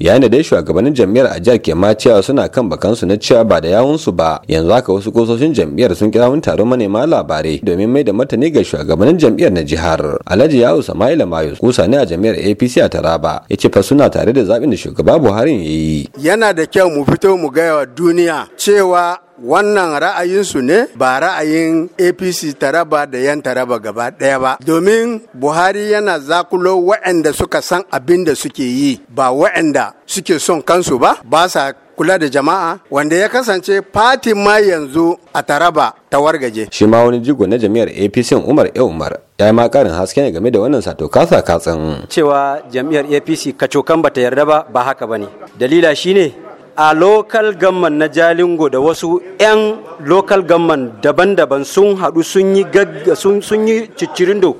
yayin da dai shugabannin jam'iyyar a jihar ke ma cewa suna kan bakansu na cewa ba da yawunsu ba yanzu haka wasu kososhin jam'iyyar sun kira wani taron manema labarai domin mai da martani ga shugabannin jam'iyyar na jihar alhaji yawo samaila mayu kusa ne a jam'iyyar apc a taraba ya ce fa suna tare da zaɓin da shugaba buhari ya yi yana da kyau mu fito mu gaya wa duniya cewa wannan ra'ayinsu ne ba ra'ayin apc taraba da yan taraba gaba ɗaya ba domin buhari yana zakulo waɗanda suka san abin da suke yi ba waɗanda suke son kansu ba ba sa kula da jama'a wanda ya kasance fatima ma yanzu a taraba ta wargaje. Shi ma wani jigo na jami'ar APC Umar E Umar ya yi makarin karin haske ne game da wannan sato kasa katsan. Cewa jami'ar APC kacokan bata yarda ba ba haka bane. Dalila shine a local gamman na jalingo da wasu 'yan local gamman daban-daban sun haɗu sun yi ciccirindo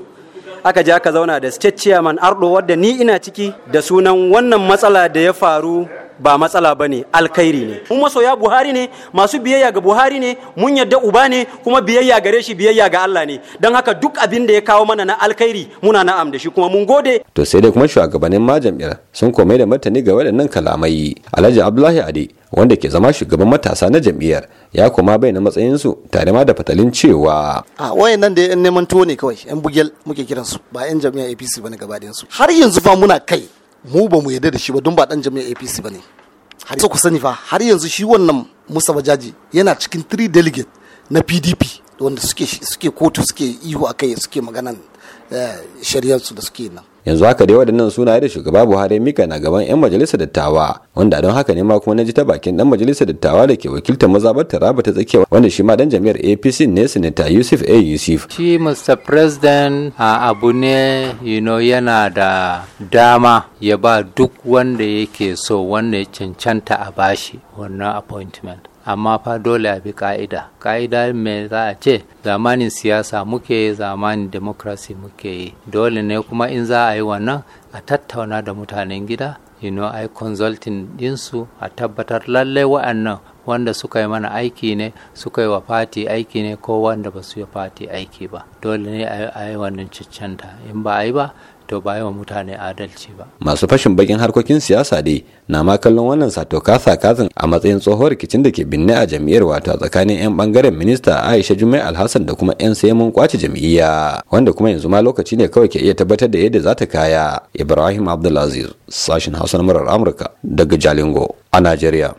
aka ja ka zauna da state chairman ardo wadda ni ina ciki da sunan wannan matsala da ya faru ba matsala ba ne alkhairi ne mun masoya buhari ne masu biyayya ga buhari ne mun yadda uba ne kuma biyayya gare shi biyayya ga allah ne don haka duk abin da ya kawo mana na alkhairi muna na'am da shi kuma mun gode to sai dai kuma shugabannin majam'iyar sun komai da martani ga waɗannan kalamai alhaji abdullahi ade wanda ke zama shugaban matasa na jam'iyyar ya kuma bayyana matsayinsu tare ma da fatalin cewa a wayan nan da yan neman tuwo ne kawai yan bugel muke kiransu ba yan jam'iyyar apc na gabaɗayansu har yanzu fa muna kai mu ba mu yarda da shi ba don ba dan jami'a apc ba ne har ku sani fa har yanzu shi wannan musa bajaji yana cikin 3 delegate na pdp wanda suke kotu suke ihu a kai suke maganan eh, shari'arsu da suke nan yanzu haka dai waɗannan sunaye da shugaba buhari mika na gaban 'yan majalisar dattawa wanda don haka ne ma kuma na ji ta bakin dan majalisar dattawa da ke wakiltar mazabar taraba ta tsakiya wanda shi ma dan jami'ar apc ne sinata yusuf a yusuf shi mr president a abu ne yana da dama ya ba duk wanda yake so wanda ya cancanta a bashi wannan appointment amma fa dole a bi ka'ida ka'ida me za a ce zamanin siyasa muke zamanin demokrasi muke yi dole ne kuma in za a yi wannan a tattauna da mutanen gida you know, ai consulting dinsu a tabbatar lallai wa'annan wanda suka yi mana aiki ne suka yi wa fati aiki ne ko wanda ba su yi fati aiki ba dole ne a yi wannan cancanta in ba a yi ba to ba yi wa mutane adalci ba. Masu fashin bakin harkokin siyasa dai na ma kallon wannan sato kasa kazin a matsayin tsohon rikicin da ke binne a jam'iyyar wato tsakanin 'yan bangaren minista Aisha Jumai Alhassan da kuma 'yan mun kwace jam'iyya wanda kuma yanzu ma lokaci ne kawai ke iya tabbatar da yadda za ta kaya. Ibrahim Abdulaziz sashin Hausa na murar Amurka daga Jalingo a Najeriya.